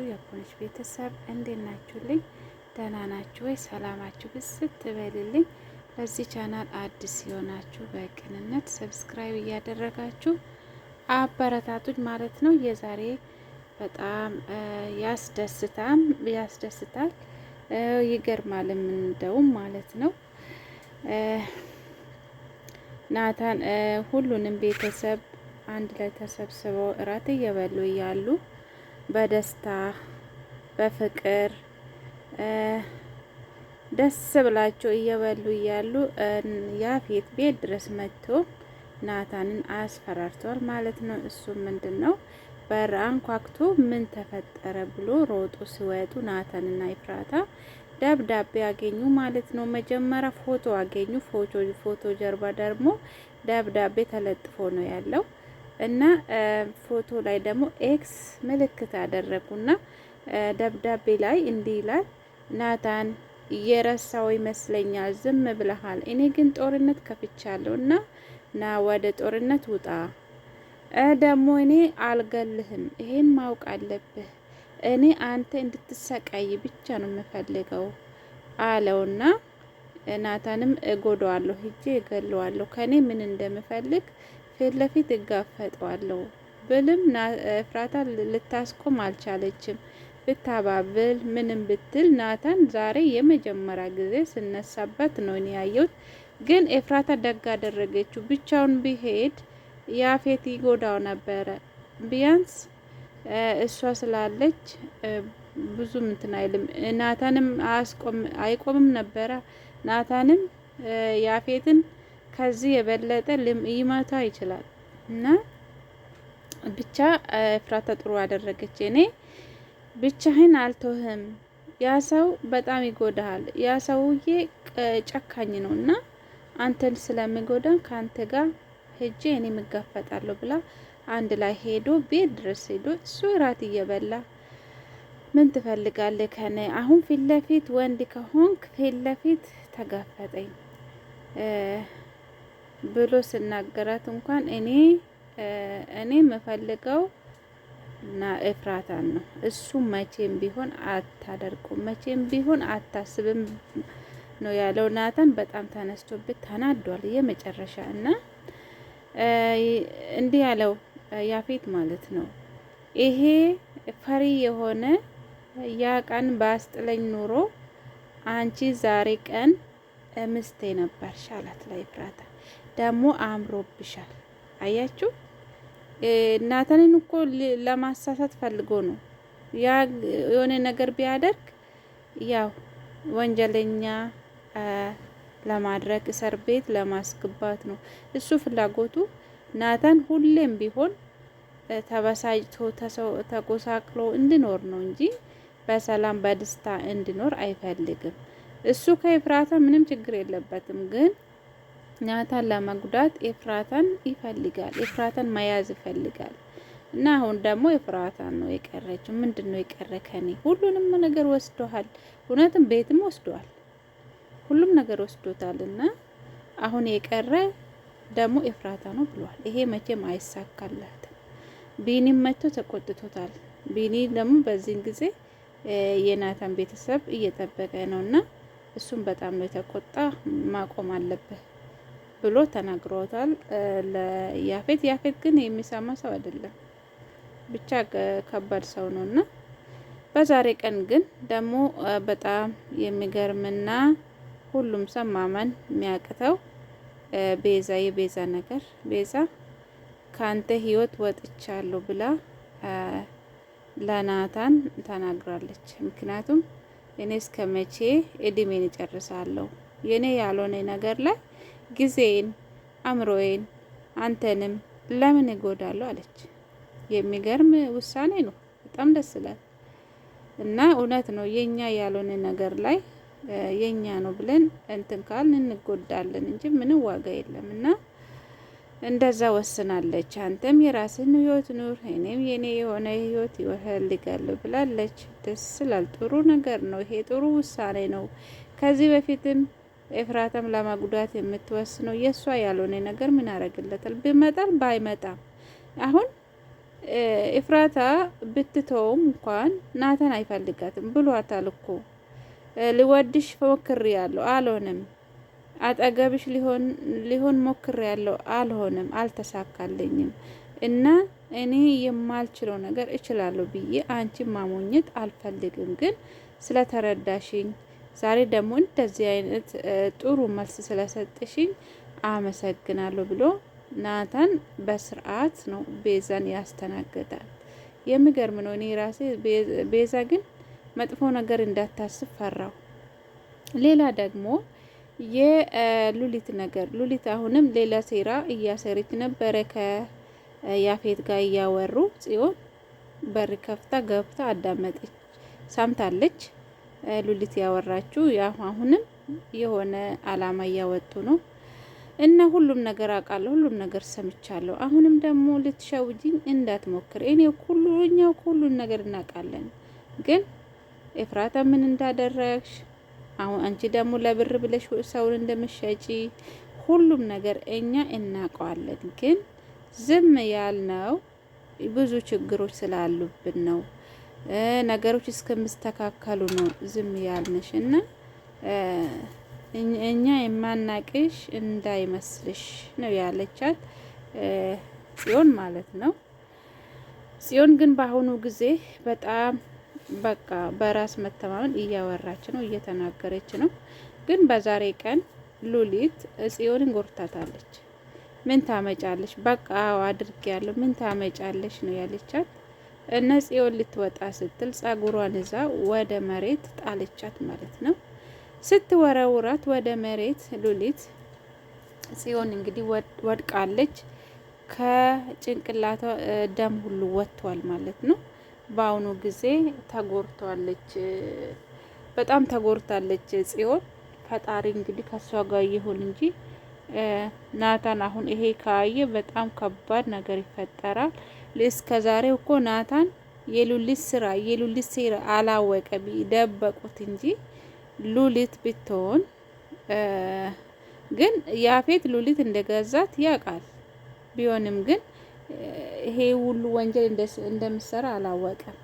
ውዱ የኮነች ቤተሰብ እንዴት ናችሁልኝ? ደህና ናችሁ ወይ? ሰላማችሁ ብስት ትበልልኝ። በዚህ ቻናል አዲስ የሆናችሁ በቅንነት ሰብስክራይብ እያደረጋችሁ አበረታቱኝ ማለት ነው። የዛሬ በጣም ያስደስታም ያስደስታል ይገርማል የምንደውም ማለት ነው። ናታን ሁሉንም ቤተሰብ አንድ ላይ ተሰብስበው እራት እየበሉ እያሉ በደስታ በፍቅር ደስ ብላቸው እየበሉ እያሉ ያፌት ቤት ድረስ መጥቶ ናታንን አስፈራርተዋል ማለት ነው። እሱ ምንድን ነው በር አንኳክቶ ምን ተፈጠረ ብሎ ሮጡ ሲወጡ ናታንና ይፍራታ ደብዳቤ አገኙ ማለት ነው። መጀመሪያ ፎቶ አገኙ። ፎቶ ፎቶ ጀርባ ደግሞ ደብዳቤ ተለጥፎ ነው ያለው። እና ፎቶ ላይ ደግሞ ኤክስ ምልክት አደረጉና ደብዳቤ ላይ እንዲህ ይላል ናታን እየረሳው ይመስለኛል። ዝም ብለሃል። እኔ ግን ጦርነት ከፍቻለሁ እና ና ወደ ጦርነት ውጣ። ደግሞ እኔ አልገልህም። ይሄን ማወቅ አለብህ። እኔ አንተ እንድትሰቃይ ብቻ ነው የምፈልገው አለውና ናታንም እጎዳዋለሁ፣ ሂጄ እገለዋለሁ ከኔ ምን እንደምፈልግ ፊት ለፊት እጋፈጠዋለሁ ብልም ኤፍራታ ልታስቆም አልቻለችም። ብታባብል ምንም ብትል ናታን ዛሬ የመጀመሪያ ጊዜ ስነሳበት ነው እኔ ያየሁት። ግን ኤፍራታ ደግ አደረገችው። ብቻውን ቢሄድ ያፌት ይጎዳው ነበረ። ቢያንስ እሷ ስላለች ብዙ እንትን አይልም። ናታንም አይቆምም ነበረ ናታንም ያፌትን ከዚህ የበለጠ ሊመታ ይችላል እና ብቻ ፍራታ ጥሩ አደረገች። እኔ ብቻህን አልተውህም። ያ ሰው በጣም ይጎዳሃል። ያ ሰውዬ ጨካኝ ነው እና አንተን ስለሚጎዳ ከአንተ ጋር ሄጄ እኔ ምጋፈጣለሁ ብላ አንድ ላይ ሄዶ ቤት ድረስ ሄዶ እሱ እራት እየበላ ምን ትፈልጋለ ከኔ? አሁን ፊት ለፊት ወንድ ከሆንክ ፊት ለፊት ተጋፈጠኝ ብሎ ስናገራት እንኳን እኔ እኔ የምፈልገው እና እፍራታን ነው እሱ መቼም ቢሆን አታደርቁም፣ መቼም ቢሆን አታስብም ነው ያለው። ናታን በጣም ተነስቶበት ተናዷል። የመጨረሻ እና እንዲህ ያለው ያፌት ማለት ነው ይሄ ፈሪ የሆነ ያ ቀን በአስጥለኝ ኑሮ አንቺ ዛሬ ቀን ምስቴ ነበር ሻላት ላይ ፍራታ ደግሞ አምሮብሻል። አያችሁ፣ እናተንን እኮ ለማሳሳት ፈልጎ ነው። ያ የሆነ ነገር ቢያደርግ ያው ወንጀለኛ ለማድረግ እስር ቤት ለማስገባት ነው እሱ ፍላጎቱ። ናታን ሁሌም ቢሆን ተበሳጭቶ ተጎሳቅሎ እንድኖር ነው እንጂ በሰላም በደስታ እንድኖር አይፈልግም። እሱ ከኤፍራታ ምንም ችግር የለበትም ግን ናታን ለመጉዳት ኤፍራታን ይፈልጋል። ኤፍራታን መያዝ ይፈልጋል። እና አሁን ደግሞ ኤፍራታን ነው የቀረችው። ምንድን ነው የቀረ ከኔ? ሁሉንም ነገር ወስዶሃል። እውነትም ቤትም ወስዷል። ሁሉም ነገር ወስዶታል። እና አሁን የቀረ ደግሞ ኤፍራታ ነው ብሏል። ይሄ መቼም አይሳካላትም። ቢኒም መጥቶ ተቆጥቶታል። ቢኒ ደግሞ በዚህን ጊዜ የናታን ቤተሰብ እየጠበቀ ነው እና እሱም በጣም ነው የተቆጣ። ማቆም አለበት። ብሎ ተናግሮታል ለያፌት። ያፌት ግን የሚሰማ ሰው አይደለም፣ ብቻ ከባድ ሰው ነው እና በዛሬ ቀን ግን ደግሞ በጣም የሚገርምና ሁሉም ሰው ማመን የሚያቅተው ቤዛ የቤዛ ነገር ቤዛ ከአንተ ህይወት ወጥቻለሁ ብላ ለናታን ተናግራለች። ምክንያቱም እኔ እስከ መቼ እድሜን እጨርሳለሁ የእኔ ያልሆነ ነገር ላይ ጊዜን፣ አእምሮዬን፣ አንተንም ለምን እጎዳለሁ አለች። የሚገርም ውሳኔ ነው። በጣም ደስ ይላል እና እውነት ነው የኛ ያልሆነ ነገር ላይ የኛ ነው ብለን እንትን ካልን እንጎዳለን እንጂ ምንም ዋጋ የለም እና እንደዛ ወስናለች። አንተም የራስን ህይወት ኑር፣ እኔም የኔ የሆነ ህይወት ይፈልጋለሁ ብላለች። ደስ ስላል ጥሩ ነገር ነው ይሄ ጥሩ ውሳኔ ነው። ከዚህ በፊትም ኤፍራታም ለማጉዳት የምትወስነው የእሷ ያልሆነ ነገር ምን ያደርግለታል? ብመጣል ባይመጣም አሁን ኤፍራታ ብትተውም እንኳን ናተን አይፈልጋትም ብሏታል እኮ ልወድሽ ሞክር ያለው አልሆነም፣ አጠገብሽ ሊሆን ሞክር ያለው አልሆነም፣ አልተሳካልኝም እና እኔ የማልችለው ነገር እችላለሁ ብዬ አንቺ ማሞኘት አልፈልግም። ግን ስለተረዳሽኝ ዛሬ ደግሞ እንደዚህ አይነት ጥሩ መልስ ስለሰጥሽኝ አመሰግናለሁ ብሎ ናታን በስርዓት ነው ቤዛን ያስተናገዳል። የሚገርም ነው። እኔ ራሴ ቤዛ ግን መጥፎ ነገር እንዳታስብ ፈራው። ሌላ ደግሞ የሉሊት ነገር ሉሊት አሁንም ሌላ ሴራ እያሰረች ነበረ። ከያፌት ጋር እያወሩ ጽዮን በር ከፍታ ገብታ አዳመጠች፣ ሰምታለች። ሉሊት ያወራችው ያው አሁንም የሆነ አላማ እያወጡ ነው እና ሁሉም ነገር አውቃለሁ፣ ሁሉም ነገር ሰምቻለሁ። አሁንም ደግሞ ልትሸውጅኝ እንዳትሞክር። እኔ ሁሉ እኛው ሁሉን ነገር እናውቃለን፣ ግን ኤፍራታ ምን እንዳደረግሽ አሁን አንቺ ደግሞ ለብር ብለሽ ሰውን እንደምትሸጪ ሁሉም ነገር እኛ እናውቀዋለን፣ ግን ዝም ያልነው ብዙ ችግሮች ስላሉብን ነው ነገሮች እስከምስተካከሉ ነው ዝም ያልንሽ እና እኛ የማናቅሽ እንዳይመስልሽ ነው ያለቻት ጽዮን ማለት ነው። ጽዮን ግን በአሁኑ ጊዜ በጣም በቃ በራስ መተማመን እያወራች ነው፣ እየተናገረች ነው። ግን በዛሬ ቀን ሉሊት ጽዮንን ጎርታታለች። ምን ታመጫለሽ? በቃ አዎ አድርጌያለሁ። ምን ታመጫለሽ ነው ያለቻት። ነፂዮን ልትወጣ ስትል ጸጉሯን እዛ ወደ መሬት ጣለቻት ማለት ነው። ስትወረውራት ወደ መሬት ሉሊት ጽዮን እንግዲህ ወድቃለች። ከጭንቅላቷ ደም ሁሉ ወጥቷል ማለት ነው። በአሁኑ ጊዜ ተጎርቷለች፣ በጣም ተጎርታለች ጽዮን። ፈጣሪ እንግዲህ ከእሷ ጋር ይሁን እንጂ ናታን አሁን ይሄ ካየ በጣም ከባድ ነገር ይፈጠራል። እስከ ዛሬው እኮ ናታን የሉሊት ስራ የሉሊት ሴራ አላወቀ ደበቁት እንጂ ሉሊት ብትሆን ግን ያፌት ሉሊት እንደገዛት ያውቃል። ቢሆንም ግን ይሄ ሁሉ ወንጀል እንደምሰራ አላወቀም።